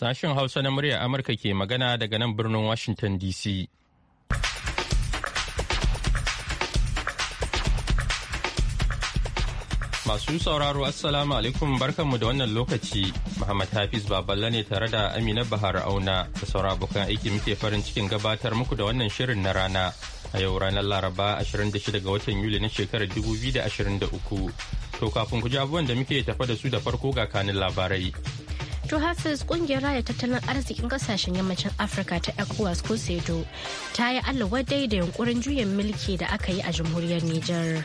Sashen Hausa na muryar Amurka ke magana daga nan birnin Washington DC. Masu sauraro Assalamu alaikum barkanmu da wannan lokaci. Muhammad Hafiz Baballa ne tare da Amina Bahar Auna da saura abokan aiki muke farin cikin gabatar muku da wannan shirin na rana. A yau ranar Laraba 26 ga watan Yuli na shekarar 2023. To kafin ku ji abubuwan da muke tafa da su da farko ga kanin labarai. To Hafiz kungiyar raya tattalin arzikin kasashen yammacin Afirka ta ECOWAS ko SEDO ta yi wadai da yunkurin juyin mulki da aka yi a jamhuriyar Nijar.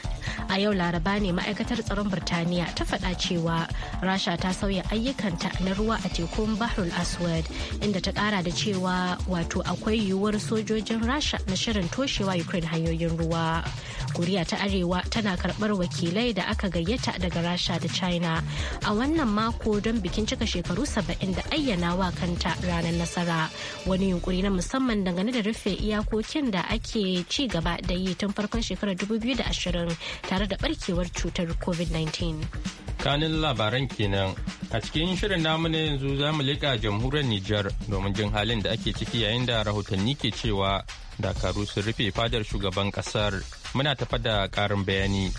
A yau Laraba ne ma'aikatar tsaron Birtaniya ta faɗa cewa Rasha ta sauya ayyukanta na ruwa a tekun Bahrul Aswad inda ta ƙara da cewa wato akwai yiwuwar sojojin Rasha na shirin toshewa Ukraine hanyoyin ruwa. koriya ta arewa tana karbar wakilai da aka gayyata daga rasha da china a wannan mako don bikin cika shekaru 70 da ayyana wa kanta ranar nasara wani yunkuri na musamman dangane da rufe iyakokin da ake ci gaba da yi tun farkon shekarar 2020 tare da barkewar cutar covid-19 kanin labaran kenan a cikin shirin namu na yanzu za mu leƙa jamhuriyar Nijar domin jin halin da ake ciki yayin da rahotanni ke cewa dakaru sun rufe fadar shugaban ƙasar. muna tafa da karin bayani.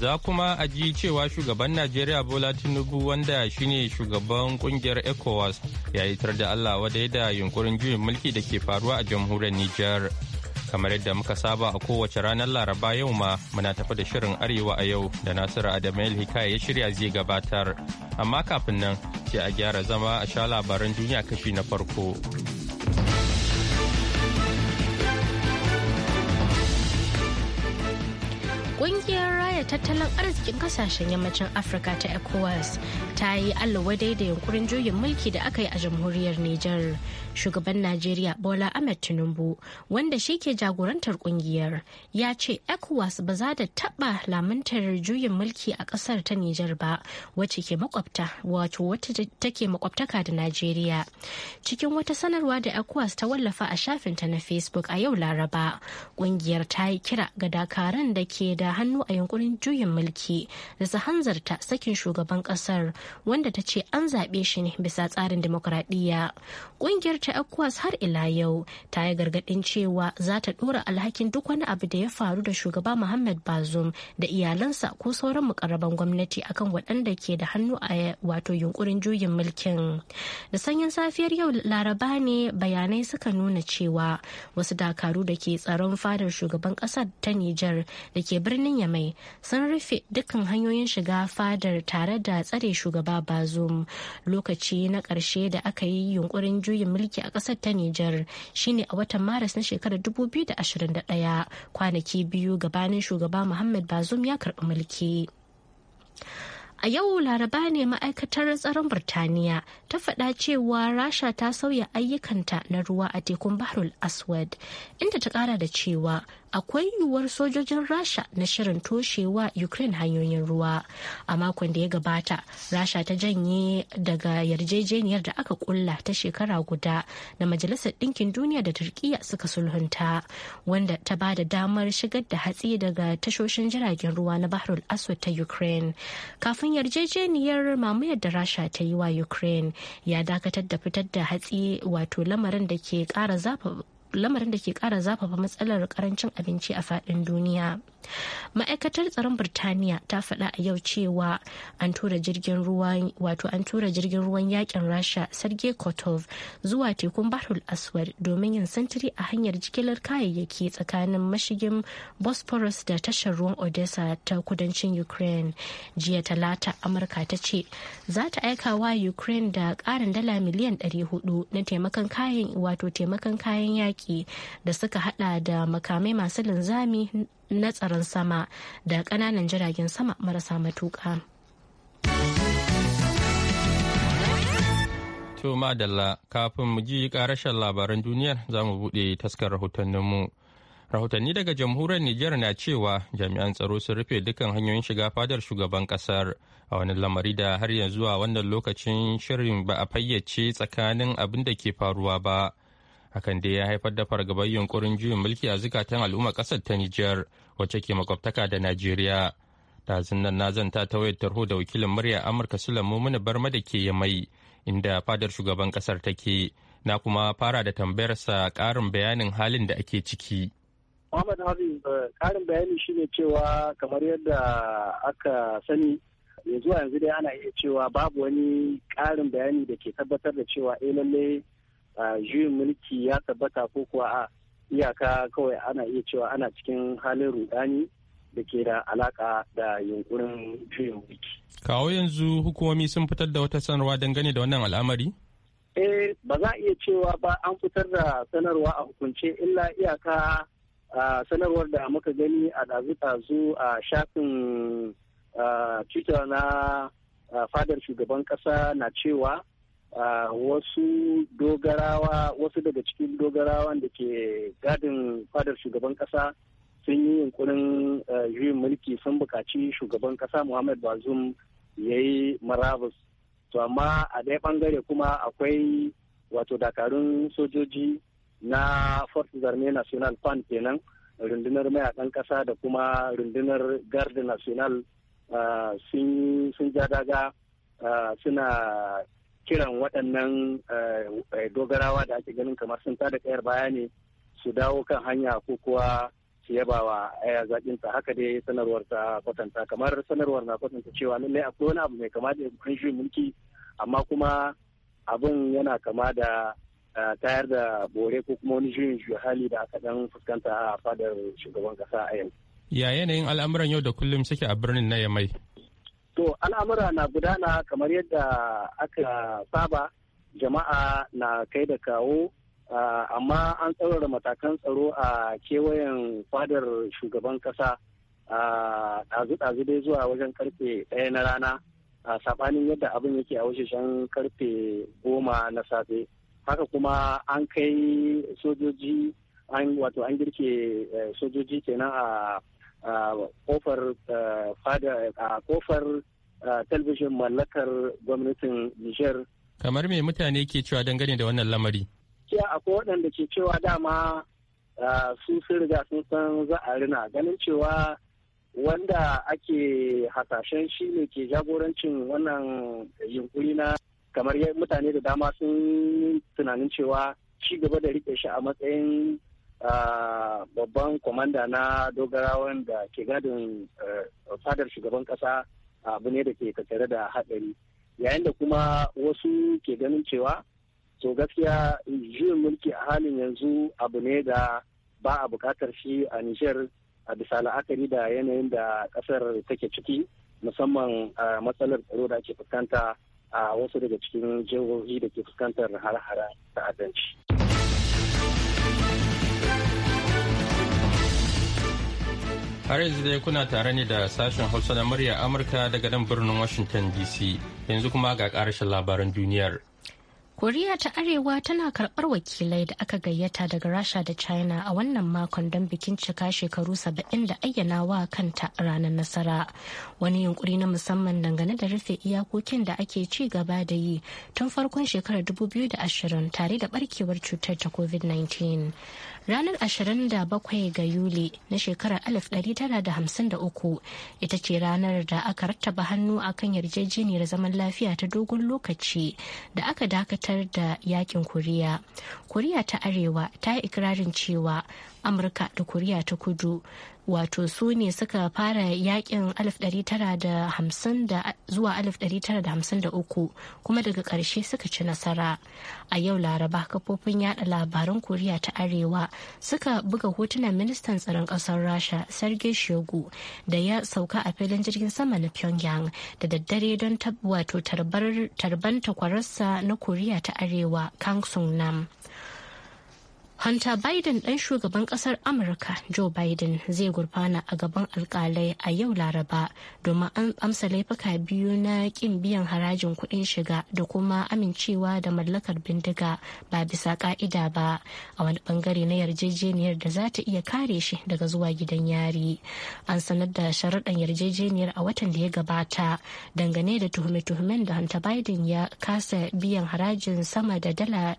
Za kuma a ji cewa shugaban Najeriya Bola Tinubu wanda shine shugaban kungiyar ECOWAS ya yi tar da Allah wadai da yunkurin juyin mulki da ke faruwa a jamhuriyar Nijar. kamar yadda muka saba a kowace ranar laraba yau ma muna tafa da shirin arewa a yau da nasiru adamuel hikaya ya shirya zai gabatar amma kafin nan sai a gyara zama a sha labaran duniya kashi na farko kungiyar raya tattalin arzikin kasashen yammacin afirka ta ecowas ta yi wadai da yunkurin juyin mulki da aka yi a jamhuriyar Nijar. Shugaban Najeriya Bola Ahmed Tinubu wanda shi ke jagorantar kungiyar ya ce ECOWAS ba za da taɓa lamuntar juyin mulki a ƙasar ta Nijar ba wacce ke makwabta wato wata take makwabtaka da Najeriya. Cikin wata sanarwa da ECOWAS ta wallafa a shafinta na Facebook a yau Laraba kungiyar ta yi kira ga dakaran da ke da hannu a yunkurin juyin mulki da su hanzarta sakin shugaban ƙasar wanda ta ce an zaɓe shi ne bisa tsarin demokuraɗiyya ƙungiyar ta ecowas har ila yau ta yi gargaɗin cewa za ta ɗora alhakin duk wani abu da ya faru da shugaba muhammad bazum da iyalansa ko sauran mukarraban gwamnati akan waɗanda ke da hannu a wato yunkurin juyin mulkin da sanyin safiyar yau laraba ne bayanai suka nuna cewa wasu dakaru da ke tsaron fadar shugaban ƙasar ta nijar da ke birnin yamai sun rufe dukkan hanyoyin shiga fadar tare da tsare shugaban shugaba bazum lokaci na ƙarshe da aka yi yunkurin juyin mulki a ƙasar ta nijar shine a watan maris na shekarar 2021 kwanaki biyu gabanin shugaba muhammad bazum ya karɓi mulki A yau laraba ne ma'aikatar tsaron Birtaniya ta faɗa cewa Rasha ta sauya ayyukanta na ruwa a tekun Bahrul Aswad, inda ta ƙara da cewa akwai yiwuwar sojojin rasha na shirin toshewa ukraine hanyoyin ruwa a makon da ya gabata rasha ta janye daga yarjejeniyar da aka kulla ta shekara guda da majalisar ɗinkin duniya da turkiya suka sulhunta wanda ta ba da damar shigar da hatsi daga tashoshin jiragen ruwa na bahrul aswad ta ukraine kafin yarjejeniyar mamayar da rasha ta yi wa ukraine ya dakatar da fitar da hatsi wato lamarin da ke kara lamarin da ke kara zafafa matsalar karancin abinci a fadin duniya ma'aikatar tsaron birtaniya ta faɗa a yau cewa an tura jirgin ruwan wato an tura jirgin ruwan yakin rasha sergei kotov zuwa tekun bahrul aswad domin yin sintiri a hanyar jigilar kayayyaki tsakanin mashigin bosphorus da tashar ruwan odessa ta kudancin ukraine jiya talata amurka ta ce za ta aika wa ukraine da ƙarin dala miliyan 400 na taimakon kayan wato taimakon kayan yaki yaƙi da suka hada da makamai masu linzami na tsaron sama da ƙananan jiragen sama marasa matuƙa. To madalla kafin mu ji ƙarashen labaran duniyar za mu buɗe taskar rahotanninmu. Rahotanni daga jamhuriyar Nijar na cewa jami'an tsaro sun rufe dukkan hanyoyin shiga fadar shugaban kasar a wani lamari da har yanzu a wannan lokacin shirin ba a fayyace tsakanin abin da ke faruwa ba. hakan dai ya haifar da fargabar yunkurin juyin mulki a zukatan al'umma kasar ta Nijar wacce ke makwabtaka da Najeriya. Dazun nan na zanta ta wayar tarho da wakilin murya Amurka Sulan Mumuna Barma da ke Yamai inda fadar shugaban kasar take na kuma fara da tambayarsa karin bayanin halin da ake ciki. Muhammad Hafiz eh, ƙarin bayani shine cewa kamar yadda aka sani yanzu yanzu dai ana iya cewa babu wani ƙarin bayani da ke tabbatar da cewa eh lalle juyin mulki ya tabbata ko kuwa a iyaka kawai ana iya cewa ana cikin halin rudani da ke da alaka da yunkurin juyin mulki. Kawo yanzu hukumomi sun fitar da wata sanarwa dangane da wannan al'amari? Eh ba za a iya cewa ba an fitar da sanarwa a hukunce illa iyaka sanarwar da muka gani a ɗazu-ɗazu a shafin twitter na fadar shugaban kasa na cewa wasu dogarawa wasu daga cikin dogarawan da ke gadin fadar shugaban kasa sun yi yunkurin juyin mulki sun bukaci shugaban kasa muhammad bazum ya yi marabus to amma a ɗaya bangare kuma akwai wato dakarun sojoji na forces army national fund kenan rundunar mayakan kasa da kuma rundunar garde national sun ja daga suna kiran waɗannan eh, eh, dogarawa da ake ganin kamar sun tada kayar baya ne su dawo kan hanya ko kuwa su yaba wa eh, aya ta haka dai sanarwar ta kwatanta kamar sanarwar na kwatanta cewa lallai akwai wani abu mai kama da kunshin mulki amma kuma abun yana kama da tayar da bore ko kuma wani juyin hali da aka dan fuskanta a fadar shugaban kasa a yau. Ya yanayin al'amuran yau da kullum suke a birnin na Yamai? To al'amura na gudana kamar yadda aka saba jama'a na kai da kawo amma an tsaurara matakan tsaro a kewayen fadar shugaban kasa ɗazu-ɗazu dai zuwa wajen karfe ɗaya na rana a saɓanin yadda abin yake a wajen karfe goma na safe haka kuma an kai sojoji wato an girke eh, sojoji kenan a kofar fada a kofar talbijin mallakar gwamnatin Nijar. Kamar me mutane ke cewa dangane da wannan lamari? Kiya akwai waɗanda ke cewa dama su sun riga sun san za a rina ganin cewa wanda ake hasashen shi ne ke jagorancin wannan yunkuri na kamar mutane da dama sun tunanin cewa ci gaba da rike shi a matsayin babban kwamanda na dogarawan da ke gadin eh, fadar shugaban kasa abu ne da ke tattare da haɗari, yayin da kuma wasu ke ganin cewa to gaskiya juyin mulki a halin yanzu abu ne da ba a bukatar shi a nijar a bisa la'akari da yanayin da kasar take ciki musamman matsalar tsaro da ake fuskanta a wasu daga cikin jihohi da ke fuskantar har-hara adanci. Har yanzu dai kuna tare ne da sashen Hausa na murya Amurka daga nan birnin Washington DC. Yanzu kuma ga ƙarashin labaran duniyar. Koriya ta Arewa tana karɓar wakilai da aka gayyata daga Rasha da China a wannan makon don bikin cika shekaru saba'in da ayyana wa kanta ranar nasara. Wani yunkuri na musamman dangane da rufe iyakokin da ake ci gaba da yi tun farkon shekarar 2020 tare da barkewar cutar ta COVID-19. ranar 27 ga yuli na shekarar 1953 ita ce ranar da aka rattaba hannu a kan yarjejeniyar zaman lafiya ta dogon lokaci da aka dakatar da yakin koriya koriya ta arewa ta yi ikirarin cewa amurka da koriya ta kudu wato su ne suka fara yakin 1950 zuwa 1953 kuma daga ƙarshe suka ci nasara a yau laraba kafofin yada labaran koriya ta arewa suka buga hotunan ministan tsaron ƙasar rasha sergei shogu da ya sauka a filin jirgin sama na pyongyang da daddare don wato tarban takwararsa na koriya ta arewa kang sung nam Hunter Biden ɗan shugaban ƙasar Amurka Joe Biden zai gurfana a gaban alƙalai a yau Laraba domin an amsa laifuka biyu na ƙin biyan harajin kuɗin shiga da kuma amincewa da mallakar bindiga ba bisa ƙa'ida ba a wani ɓangare na yarjejeniyar da za ta iya kare shi daga zuwa gidan yari. An sanar da sharaɗan yarjejeniyar a watan da ya gabata dangane da tuhume-tuhumen da Hunter Biden ya kasa biyan harajin sama da dala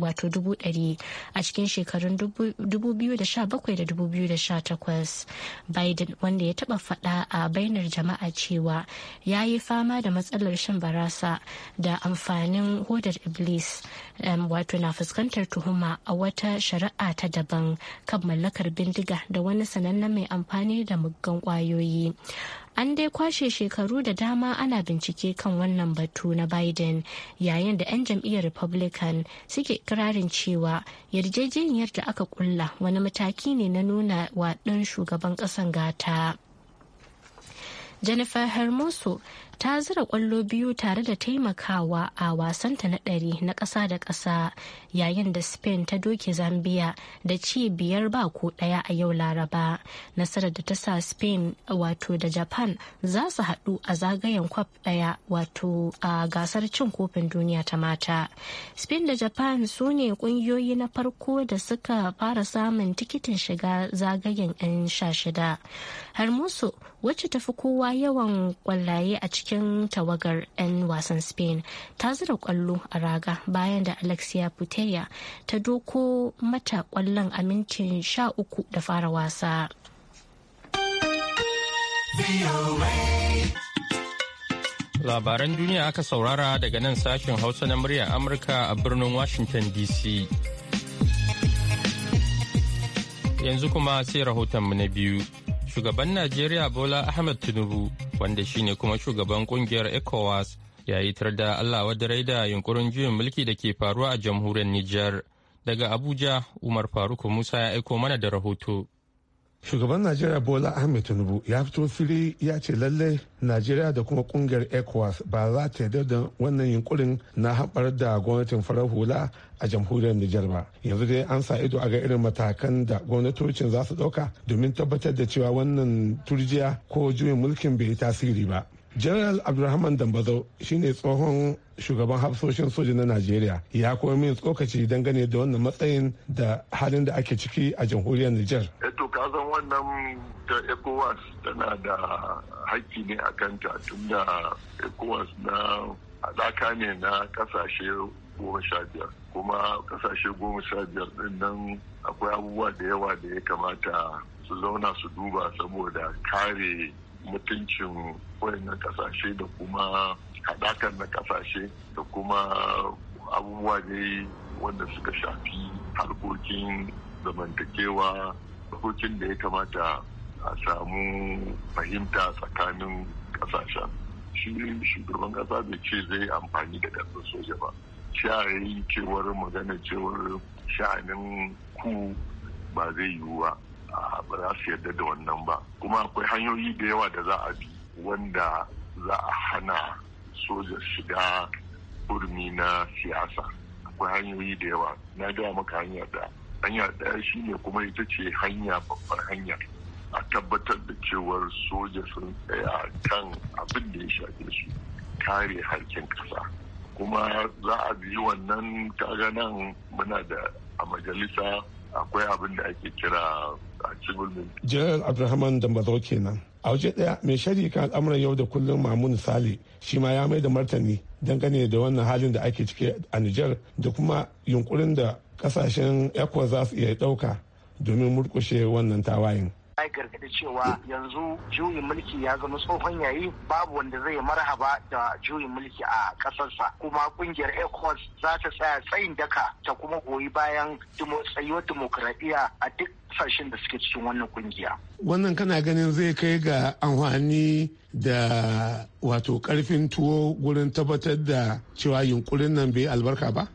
wato dubu ɗari a cikin shekarun 2017 da 2018 biden wanda ya taɓa faɗa a bainar jama'a cewa ya yi fama da matsalar shan barasa da amfanin hodar iblis wato na fuskantar tuhuma a wata shari'a ta daban kan mallakar bindiga da wani sanannen mai amfani da muggan kwayoyi an dai kwashe shekaru da dama ana bincike kan wannan batu na biden yayin da 'yan jam'iyyar republican suke kirarin cewa yarjejeniyar da aka kulla wani mataki ne na nuna wa shugaban ƙasan gata jennifer hermoso ta zira kwallo biyu tare da taimakawa a wasanta na ɗari na ƙasa da ƙasa yayin da spain ta doke zambia da ci biyar ba ko ɗaya a yau laraba nasarar da ta sa spain wato da japan za su haɗu a zagayen kwaf ɗaya wato a gasar cin kofin duniya ta mata spain da japan su ne ƙungiyoyi na farko da suka fara samun tikitin shiga zagayen 'yan sha shida har musu wacce tafi kowa yawan kwallaye a cikin cikin tawagar 'yan wasan spain ta zira kwallo a raga bayan da alexia putella ta doko mata kwallon a mintin uku da fara wasa labaran duniya aka saurara daga nan sashen hausa na murya amurka a birnin washington dc yanzu kuma sai rahotonmu na biyu shugaban najeriya bola ahmed tinubu wanda shine kuma shugaban kungiyar ECOWAS ya yi tar da Allah wadarai da yunkurin juyin mulki da ke faruwa a jamhuriyar Nijar. Daga Abuja, Umar Faruk Musa ya aiko mana da rahoto. shugaban najeriya bola ahmed tinubu ya fito fili ya ce lallai najeriya da kuma kungiyar ecowas ba za ta yarda da wannan yunkurin na haɓar da gwamnatin farar hula a jamhuriyar nijar ba yanzu dai an sa ido a ga irin matakan da gwamnatocin za su ɗauka domin tabbatar da cewa wannan turjiya ko juyin mulkin bai yi tasiri ba general abdulrahman dambazo shine tsohon shugaban hafsoshin soja na najeriya ya kuma min tsokaci dangane da wannan matsayin da halin da ake ciki a jamhuriyar nijar kasan wannan ta ecowas tana da haƙƙi ne a kanta tun da ecowas na haɗaka ne na ƙasashe goma sha biyar kuma ƙasashe goma sha biyar ɗin nan akwai abubuwa da yawa da ya kamata su zauna su duba saboda kare mutuncin wayannan ƙasashe da kuma haɗakar na ƙasashe da kuma abubuwa ne wanda suka shafi harkokin zamantakewa dokokin da ya kamata a samu fahimta tsakanin ƙasashen shi shugaban ƙasa bai ce zai amfani da ƙasar soja ba yi cewar magana cewar sha'anin ku ba zai yiwu ba ba za su yarda da wannan ba kuma akwai hanyoyi da yawa da za a bi wanda za a hana soja shiga urmi na siyasa akwai hanyoyi da yawa na gaya maka hanyar da hanya ɗaya shine kuma ita ce hanya babbar hanya a tabbatar da cewar soja sun tsaya kan abin da ya shafe su kare harkin ƙasa kuma za a bi wannan kaga nan muna da a majalisa akwai abin da ake kira a cibin jiran abdulrahman dambazo kenan a waje daya mai shari kan al'amuran yau da kullum mamun sale shi ma ya mai da martani dangane da wannan halin da ake ciki a nijar da kuma yunkurin da kasashen ecuador za su iya dauka domin murkushe wannan tawayin ya gargaɗi cewa yanzu juyin mulki ya zama tsohon yayi babu wanda zai marhaba da juyin mulki a ƙasarsa kuma ƙungiyar ecos za ta tsaya tsayin daka ta kuma goyi bayan tsayuwar dimokuraɗiyya a duk sashen da suke cikin wannan kungiya. Wannan kana ganin zai kai ga amfani da wato karfin tuwo gurin tabbatar da cewa yunkurin nan bai albarka ba?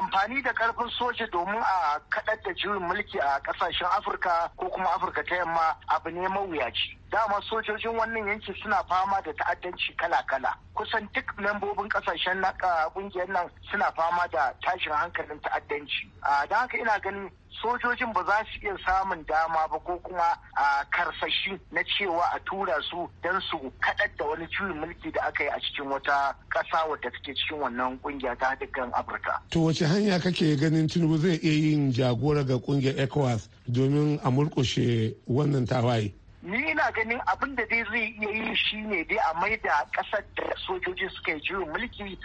amfani da karfin soja domin a kaɗar da juyin mulki a ƙasashen afirka ko kuma afirka ta yamma abu ne mawuyaci dama sojojin wannan yanki suna fama da ta'addanci kala-kala kusan duk lambobin kasashen na kungiyar nan suna fama da tashin hankalin ta'addanci don haka ina ganin sojojin ba za su iya samun dama ba ko kuma a karsashi na cewa a tura su don su kaɗar da wani juyin mulki da aka yi a cikin wata ƙasa wadda take cikin wannan kungiya ta haɗin afirka. to wace hanya kake ganin tinubu zai iya yin jagora ga kungiyar ecowas domin a murkushe wannan tawaye. ni ina ganin abin da dai zai iya yi ne dai a maida kasar da sojoji suka yi juyin mulki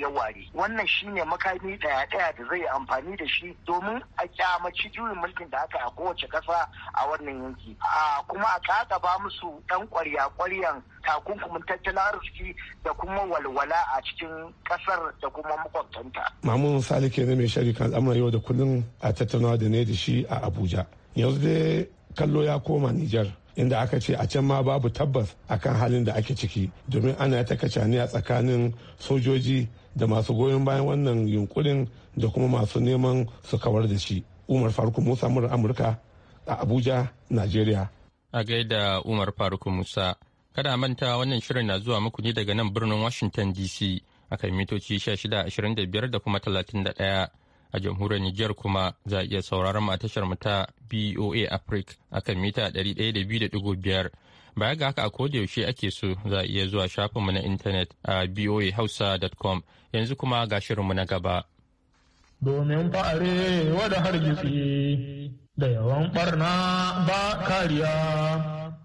ya ware wannan shi ne makami daya daya da zai amfani da shi domin a kyamaci juyin mulkin da aka a kowace kasa a wannan yanki a kuma a ba musu dan kwarya kwaryan takunkumin tattalin arziki da kuma walwala a cikin kasar da kuma makwabtanta mamun sali ne mai shari kan al'amuran yau da kullum a tattaunawa da ne da shi a abuja yanzu dai kallo ya koma nijar inda aka ce a can ma babu tabbas a kan halin da ake ciki domin ana ta a tsakanin sojoji da masu goyon bayan wannan yunkurin da kuma masu neman su kawar da shi umar faruk musa mura amurka a abuja nigeria a gaida umar faruk musa kada manta wannan shirin na zuwa muku ne daga nan birnin washington dc akan mitoci 25 da kuma 31 a jamhuriyar Nijar kuma za a iya sauraron tashar mu ta BOA Africa akan mita 102.5 baya ga haka a koda yaushe ake so za a iya zuwa shafinmu na intanet a boahausa.com yanzu kuma ga shirinmu na gaba. Domin fa'are da hargitsi da yawan barna ba kariya.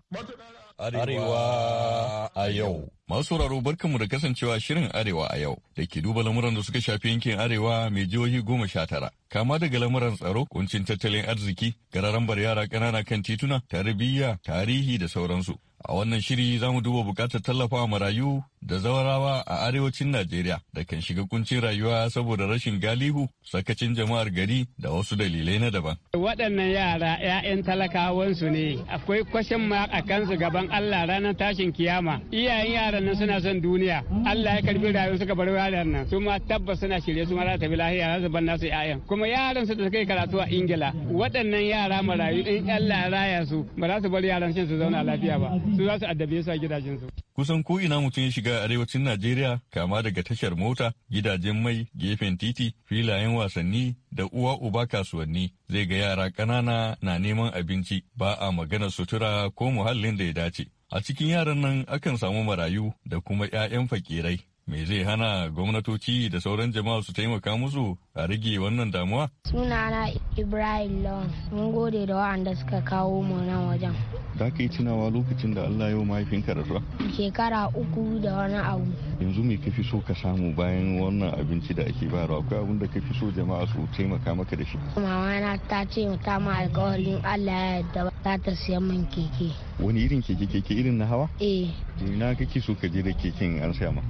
Arewa a yau. Masu sauraro barkanmu da kasancewa shirin Arewa a yau da ke duba lamuran da suka shafi yankin Arewa mai jihohi goma sha tara. Kama daga lamuran tsaro, kuncin tattalin arziki, gararan yara ƙanana kan tituna, tarbiyya, tarihi da sauransu. A wannan shiri za mu duba bukatar tallafawa marayu da zawarawa a arewacin Najeriya da kan shiga kuncin rayuwa saboda rashin galihu, sakacin jama'ar gari da wasu dalilai na daban. Waɗannan yara 'ya'yan talakawansu ne, akwai kwashin ma a kansu gaban Allah ranar tashin kiyama. Iyayen yaran nan suna son duniya, Allah ya karbi rayu suka bar yaran nan, su ma tabbas suna shirye su mara za ta bi lahiya za su bar nasu 'ya'yan. Kuma yaran su da suka yi karatu a Ingila, waɗannan yara marayu in Allah ya raya su, ba za su bar yaran su zauna lafiya ba. su za su addabe su a gidajensu. Kusan ko ina mutum ya shiga arewacin Najeriya kama daga tashar mota, gidajen mai, gefen titi, filayen wasanni da uwa uba kasuwanni zai ga yara ƙanana na neman abinci ba a magana sutura ko muhallin da ya dace. A cikin yaran nan akan samu marayu da kuma 'ya'yan fakirai me zai hana gwamnatoci da sauran jama'a su taimaka musu a rage wannan damuwa? Sunana Ibrahim Lawan, mun gode da wa'anda suka kawo mu nan wajen. Da ka yi tunawa lokacin da Allah yau mahaifinka da rasuwa? Shekara uku da wani abu. Yanzu me kafi so ka samu bayan wannan abinci da ake bayarwa? Akwai abin da kafi so jama'a su taimaka maka da shi? Mama na ta ce ta ma alƙawarin Allah ya yarda za ta siya min keke. Wani irin keke keke irin na hawa? Eh. Ina kake so ka je da keken an siya ma?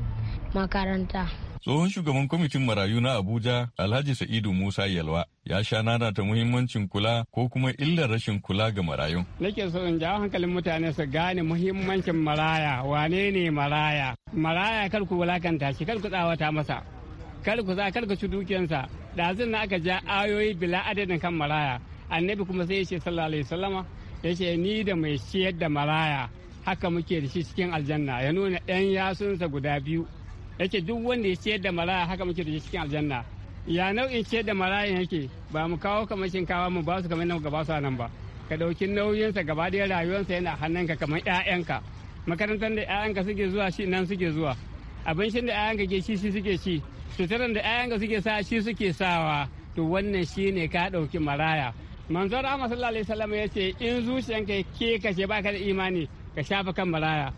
makaranta. Tsohon shugaban kwamitin marayu na Abuja, Alhaji Sa'idu Musa Yalwa, ya sha nana ta muhimmancin kula ko kuma illar rashin kula ga marayun. Nake so in jawo hankalin mutane su gane muhimmancin maraya, wane ne maraya? Maraya kar ku wulakanta shi, kar ku tsawata masa, kar ku za kar ku ci dukiyansa. Ɗazun na aka ja ayoyi bila adadin kan maraya. Annabi kuma sai ya ce sallallahu alaihi wasallama ya ce ni da mai ciyar da maraya haka muke da shi cikin aljanna ya nuna ɗan yasunsa guda biyu yake duk wanda ya ciyar da maraya haka muke da cikin aljanna ya nau'in ciyar da maraya yake ba mu kawo kamar shinkawa mu ba su kamar nan ba su nan ba ka dauki nauyinsa gaba ɗaya rayuwarsa yana hannunka kamar ƴaƴanka makarantar da ƴaƴanka suke zuwa shi nan suke zuwa abincin da ƴaƴanka ke ci shi suke ci suturan da ƴaƴanka suke sa shi suke sawa to wannan shi ne ka dauki maraya manzon rahama sallallahu alaihi wasallam ya ce in zuciyanka ke kace baka da imani ka shafa kan maraya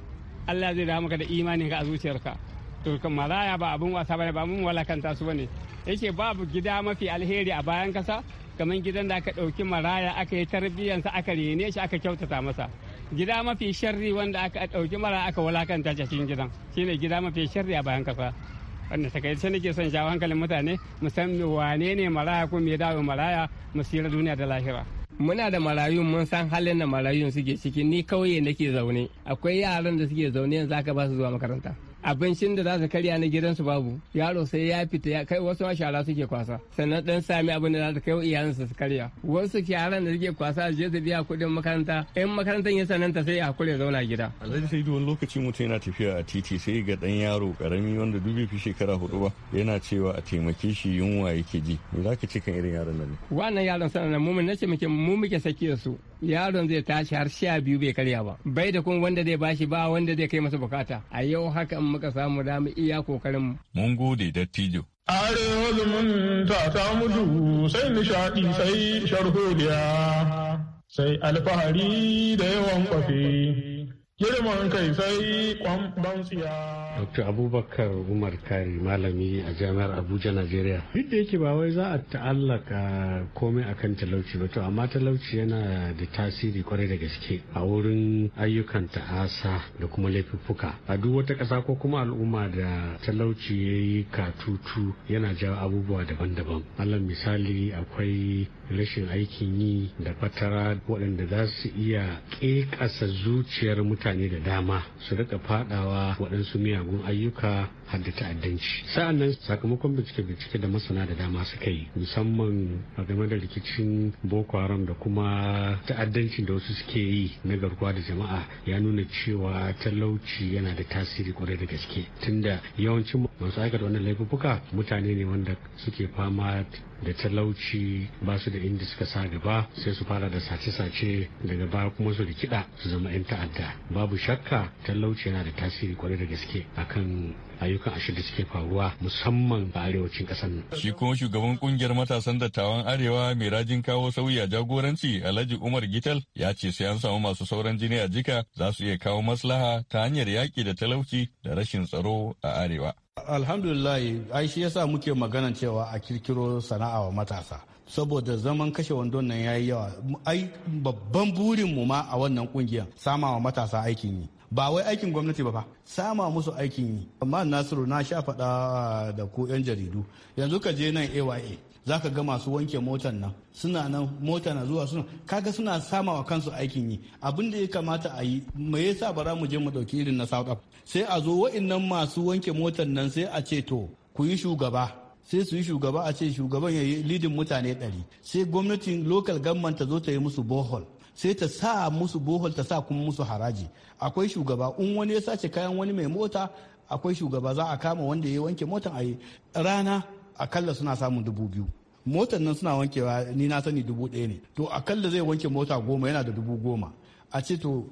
Allah zai rahama ka da imanin ka a zuciyarka to maraya ba abin wasa bane ba mun walakanta su bane yace babu gida mafi alheri a bayan kasa kamar gidan da aka dauki maraya aka yi tarbiyyansa aka rene shi aka kyautata masa gida mafi sharri wanda aka dauki maraya aka walakanta shi cikin gidan shine gida mafi sharri a bayan kasa wanda ta kai nake son jawo hankalin mutane mu san wane ne maraya ko me dawo maraya mu sira duniya da lahira muna da marayun mun san halin da marayun suke ciki ni kauye nake zaune akwai yaran da suke zaune yanzu aka ba su zuwa makaranta abincin da za su karya na gidansu babu yaro sai ya fita kai wasu ma shara suke kwasa sannan dan sami abin da za su kai wa su karya wasu yaran da suke kwasa je su biya kuɗin makaranta in makarantar ya ta sai a kure zauna gida alhaji sai wani lokaci mutum yana tafiya a titi sai ga dan yaro karami wanda dubi fi shekara hudu ba yana cewa a taimake shi yunwa yake ji me za ka ce kan irin yaran nan ne wannan yaran sanan mu mun nace muke mu muke sakiyar su yaron zai tashi har sha biyu bai karya ba bai da kuma wanda zai bashi ba wanda zai kai masa bukata a yau haka in muka samu damu iya kokarin mu mun gode dattijo are hulumin ta ta mudu sai nishadi sai sharholiya sai alfahari da yawan kwafi girman kai sai kwamban tsiya Dr. Abubakar Umar Kari malami a jami'ar Abuja Najeriya. Duk da yake ba wai za a ta'allaka komai akan talauci ba to amma talauci yana da tasiri kwarai da gaske a wurin ayyukan ta'asa da kuma laifuffuka. A duk wata ƙasa ko kuma al'umma da talauci ya yi katutu yana jawo abubuwa daban-daban. Alal misali akwai rashin aikin yi da fatara waɗanda za su iya ƙeƙasa zuciyar mutane da dama su riƙa faɗawa waɗansu miya miyagun ayyuka har da ta'addanci sa'an nan sakamakon bincike bincike da masana da dama suka yi musamman a game da rikicin boko haram da kuma ta'addancin da wasu suke yi na garkuwa da jama'a ya nuna cewa talauci yana da tasiri kwarai da gaske tunda yawancin masu aikata wannan laifuka mutane ne wanda suke fama da talauci ba su da inda suka sa gaba sai su fara da sace-sace daga baya kuma su rikida su zama 'yan ta'adda babu shakka talauci yana da tasiri kwarai da gaske akan ayyuka ashirin da suke faruwa musamman a arewacin ƙasar nan. Shi kuma shugaban kungiyar matasan dattawan arewa mai rajin kawo sauyi a jagoranci Alhaji Umar Gital ya ce sai an samu masu sauran jini a jika za su iya kawo maslaha ta hanyar yaƙi da talauci da rashin tsaro a arewa. Alhamdulillah ai shi yasa muke magana cewa a kirkiro sana'a wa matasa. saboda zaman kashe wandon nan ya yi yawa ai babban burin mu ma a wannan kungiyar sama wa matasa aikin yi ba wai aikin gwamnati ba fa sama musu aikin yi amma nasiru na sha faɗa da ku yan jaridu yanzu ka je nan aya za ka ga masu wanke motar nan suna nan mota na zuwa suna kaga suna sama wa kansu aikin yi abin da ya kamata a yi me yasa ba za mu je mu ɗauki irin na south sai a zo wa'innan masu wanke motan nan sai a ce to ku yi shugaba sai su yi shugaba a ce shugaban ya yi lidin mutane ɗari sai gwamnatin local government ta zo ta yi musu borehole. sai ta sa musu bohol ta sa kuma musu haraji akwai shugaba in wani ya sace kayan wani mai mota akwai shugaba za a kama wanda ya wanke motan a rana akalla suna samun dubu biyu motan nan suna wankewa ni na sani dubu ɗaya ne to akalla zai wanke mota goma yana da dubu goma a ce to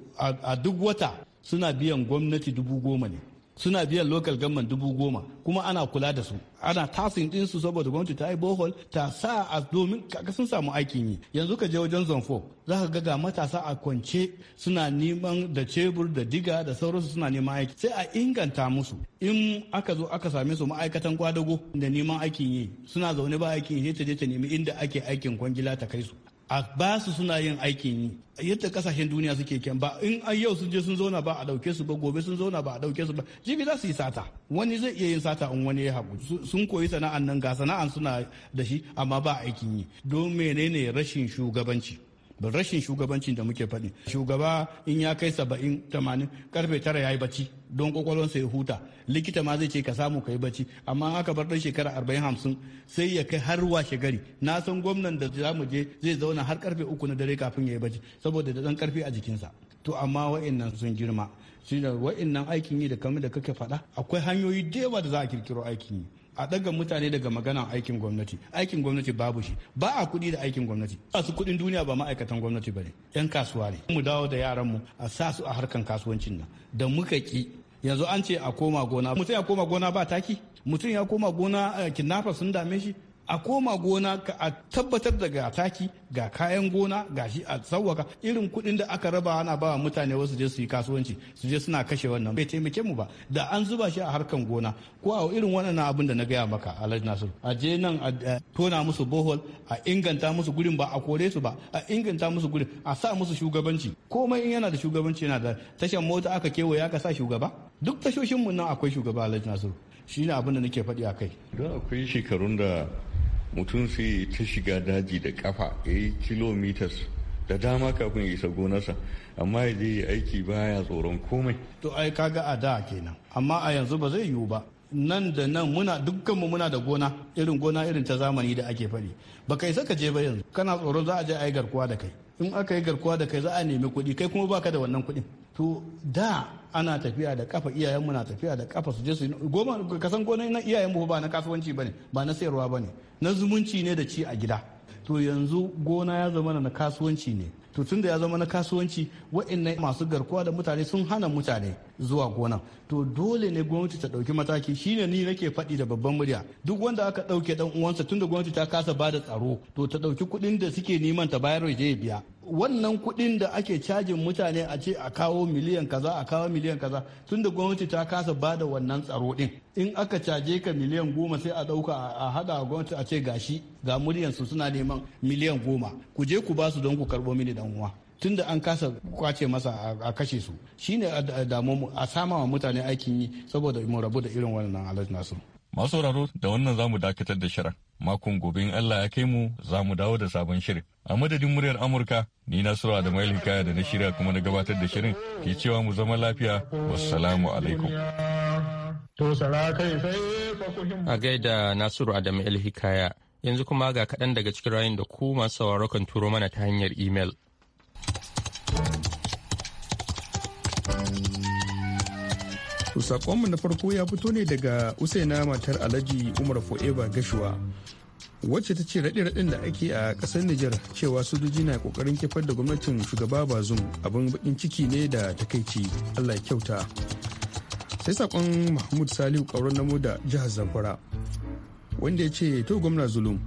a duk wata suna biyan gwamnati dubu goma ne suna biyan local gamman dubu goma kuma ana kula da su ana tasin ɗinsu saboda gwamnati ta yi bohol ta sa a domin kaka sun samu aikin yi yanzu ka je wajen zonfo za ka ga matasa a kwance suna neman da cebur da diga da sauransu suna neman aiki sai a inganta musu in aka zo aka same su ma'aikatan kwadago da neman aikin yi suna zaune ba aikin yi ta je ta nemi inda ake aikin kwangila ta kai su a ba su suna yin aikin yi yadda kasashen duniya suke kyan ba in an yau sun je sun zauna ba a dauke su ba gobe sun zauna ba a dauke su ba jibi za su yi sata wani zai iya yin sata in wani ya haku sun koyi sana'an nan ga sana'an suna da shi amma ba aikin yi don menene rashin shugabanci rashin shugabancin da muke faɗi shugaba in ya kai saba'in tamanin karfe tara ya yi bacci don kwakwalwansa ya huta likita ma zai ce ka samu ka yi bacci amma aka bar ɗan shekara arba'in hamsin sai ya kai har washe gari na san gwamnan da za mu je zai zauna har karfe uku na dare kafin ya yi bacci saboda da ɗan karfi a jikinsa to amma wa'innan sun girma shi da wa'innan aikin yi da kamar da kake faɗa akwai hanyoyi da yawa da za a kirkiro aikin yi a daga mutane daga maganan aikin gwamnati aikin gwamnati babu shi ba a kuɗi da aikin gwamnati a su kuɗin duniya ba ma'aikatan gwamnati ba ne yan kasuwa ne mu dawo da yaran mu a sa su a harkan kasuwancin nan da muka ki yanzu an ce a koma gona mutum ya koma gona ba taki mutum ya koma gona eh, kidnapper sun dame shi a koma gona ka a tabbatar da ga taki ga kayan gona ga shi a sauwaka irin kuɗin da aka raba ana ba mutane wasu je su yi kasuwanci su je suna kashe wannan bai taimake mu ba da an zuba shi a harkan gona ko a irin wannan abin da na gaya maka alhaji nasiru a je nan a tona musu bohol a inganta musu gurin ba a kore su ba a inganta musu gurin a sa musu shugabanci komai in yana da shugabanci yana da tashan mota aka kewaye aka sa shugaba duk tashoshin mu nan akwai shugaba alhaji nasiru shi ne abin da nake faɗi a kai don akwai shekarun da mutum sai ta shiga daji da kafa ya yi kilomitas da dama kafin ya isa gonarsa amma ya je aiki baya tsoron komai to ai kaga a da kenan amma a yanzu ba zai yiwu ba nan da nan muna dukkanmu muna da gona irin gona irin ta zamani da ake faɗi ba kai saka je ba yanzu kana tsoron za a je a yi garkuwa da kai in aka yi garkuwa da kai za a nemi kuɗi kai kuma baka da wannan kuɗin to da ana tafiya da kafa iyayenmu na tafiya da kafa su je su goma kasan gona na iyayenmu ba na kasuwanci bane ba na sayarwa bane na zumunci ne da ci a gida to yanzu gona ya zama na kasuwanci ne to tunda ya zama na kasuwanci wa'annan masu garkuwa da mutane sun hana mutane zuwa gonan to dole ne gwamnati ta ɗauki mataki shine ni nake faɗi da babban murya duk wanda aka ɗauke dan uwansa tunda gwamnati ta kasa bada tsaro to ta ɗauki kuɗin da suke neman ta bayar ya biya wannan kuɗin da ake cajin mutane a ce a kawo miliyan kaza a kawo miliyan kaza tunda gwamnati ta kasa bada wannan tsaro din in aka caje ka miliyan goma sai a ɗauka a haɗa a gwamnati a ce gashi ga muryansu suna neman miliyan goma ku je ku ba su don ku karɓo mini dan uwa tun da an kasa kwace masa a kashe su shine damu a sama wa mutane aikin yi saboda mu rabu da irin wannan alaji nasu masu raro da wannan zamu dakatar da shirin makon gobe in Allah ya kai mu za dawo da sabon shirin a madadin muryar Amurka ni na sura da mail hikaya da na shirya kuma na gabatar da shirin ke cewa mu zama lafiya wassalamu alaikum a gaida Nasiru Adamu El Hikaya yanzu kuma ga kaɗan daga cikin rayun da ku masu sauraron kan turo mana ta hanyar imel. To sakonmu na farko ya fito ne daga Usaina matar Alhaji Umar Fo'eba Gashuwa. Wacce ta ce raɗe-raɗin da ake a ƙasar Nijar cewa sojoji na ƙoƙarin kifar da gwamnatin shugaba Bazum abin baƙin ciki ne da takaici Allah ya kyauta. Sai saƙon Mahmud Salihu ƙauran namo da jihar Zamfara. Wanda ya ce to gwamna zulum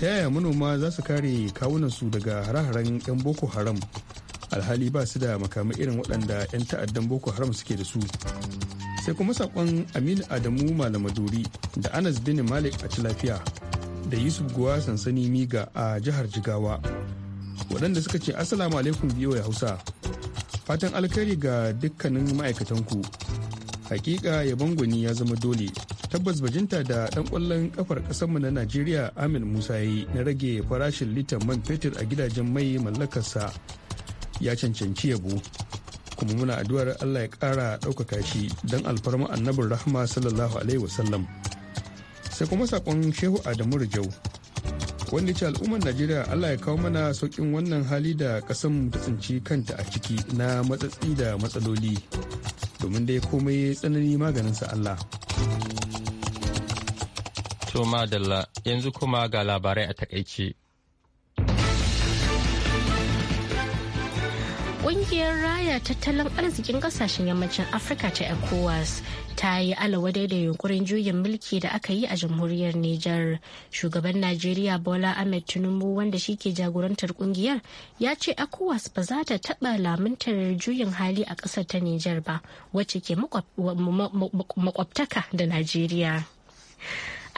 ta yaya manoma za su kare kawunansu daga hare-haren 'yan Boko Haram alhali ba su da makamai irin waɗanda 'yan ta'addan boko haram suke da su sai kuma saƙon aminu adamu malamaduri da anas bin malik a lafiya da yusuf guwa sansani miga a jihar jigawa waɗanda suka ce assalamu alaikum biyo ya hausa fatan alkhairi ga dukkanin ma'aikatanku hakika yabon gwani ya zama dole tabbas bajinta da ɗan ƙwallon kafar ƙasarmu na najeriya amin musa yi na rage farashin litan man fetur a gidajen mai mallakarsa ya cancanci yabo kuma muna addu'ar Allah ya ƙara ɗaukaka shi don alfarma annabin rahma sallallahu alaihi wasallam sai kuma saƙon shehu adamu rijau wanda ce al'ummar najeriya allah ya kawo mana sauƙin wannan hali da mu ta tsinci kanta a ciki na matsatsi da matsaloli domin dai komai tsanani maganinsa allah to madalla yanzu kuma ga labarai a takaice Kungiyar raya tattalin arzikin kasashen yammacin Afirka ta ECOWAS ta yi alawadai da yunkurin juyin mulki da aka yi a jamhuriyar Nijar. Shugaban Najeriya Bola Ahmed Tinubu wanda shi ke jagorantar kungiyar ya ce ECOWAS ba za ta taɓa lamuntar juyin hali a ƙasar ta Nijar ba wacce ke makwabtaka da Najeriya.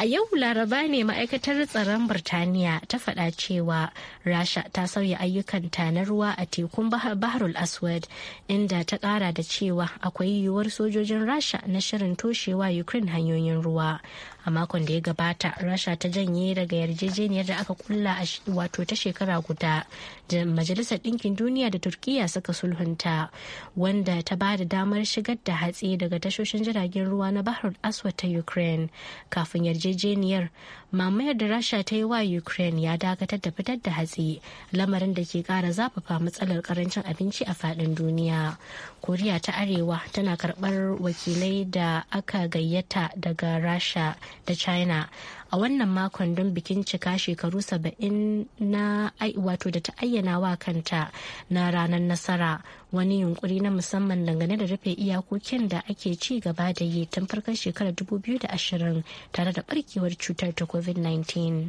a yau laraba ne ma'aikatar tsaron birtaniya ta faɗa cewa rasha ta sauya ayyukanta na ruwa a tekun baharul aswad inda ta ƙara da cewa akwai yiwuwar sojojin rasha na shirin toshewa ukraine hanyoyin ruwa a makon da ya gabata rasha ta janye daga yarjejeniyar da aka kulla a wato ta shekara guda da majalisar ɗinkin duniya da turkiya suka sulhunta wanda ta ba da damar shigar da hatsi daga tashoshin jiragen ruwa na bahar aswa ta ukraine kafin yarjejeniyar mamayar da rasha ta yi wa ukraine ya dakatar da fitar da hatsi lamarin da ke kara zafafa matsalar karancin abinci a faɗin duniya koriya ta arewa tana karɓar wakilai da aka gayyata daga rasha da china a wannan makon don bikin cika shekaru saba'in na wato da ta ayyana wa kanta na ranar nasara wani yunkuri na musamman dangane da rufe iyakokin da ake ci gaba da yi tun farkon shekarar 2020 tare da barkewar cutar ta covid-19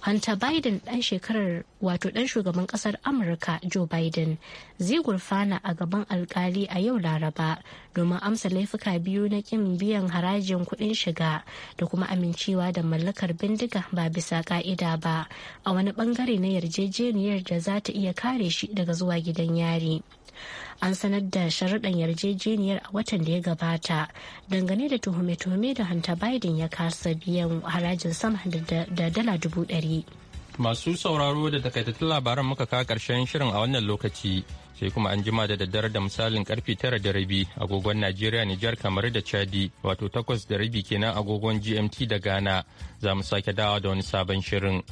hunter biden dan shekarar wato dan shugaban kasar amurka joe biden zai gurfana a gaban alkali a yau laraba domin amsa laifuka biyu na kin biyan harajin kuɗin shiga da kuma amincewa da mallaka mallakar bindiga ba bisa ka'ida ba a wani bangare na yarjejeniyar da za ta iya kare shi daga zuwa gidan yari. an sanar da sharaɗan yarjejeniyar a watan da ya gabata dangane da tuhume-tuhume da hanta biden ya kasa biyan harajin sama da dala dubu ɗari. masu sauraro da takaitattun labaran muka kawo ƙarshen shirin a wannan lokaci sai kuma an jima da daddare da misalin karfe tara da rabi agogon Najeriya Nijar kamar da Chadi wato takwas da rabi kenan agogon GMT da Ghana za mu sake dawa da wani sabon shirin.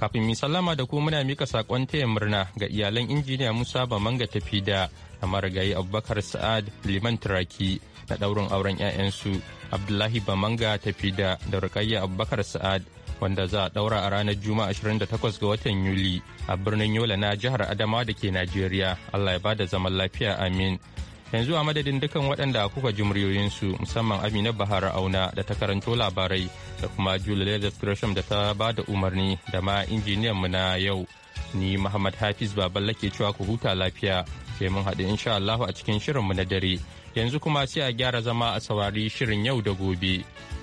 Kafin mi sallama da ku muna mika sakon taya murna ga iyalan injiniya Musa Bamanga tafi da marigayi Abubakar Sa'ad Liman Turaki na ɗaurin auren 'ya'yansu Abdullahi Bamanga da da Rukayya Abubakar Sa'ad wanda za a daura a ranar Juma'a 28 ga watan Yuli a birnin Yola na jihar Adamawa da ke Najeriya. Allah ya bada zaman lafiya amin. Yanzu a madadin dukan waɗanda kuka ji musamman Amina Bahar Auna da ta karanto labarai da kuma Julia Gresham da ta ba da umarni da ma injiniyan mu na yau. Ni Muhammad Hafiz Baballa ke cewa ku huta lafiya sai mun haɗu insha Allahu a cikin shirin mu na dare. Yanzu kuma sai a gyara zama a saurari shirin yau da gobe.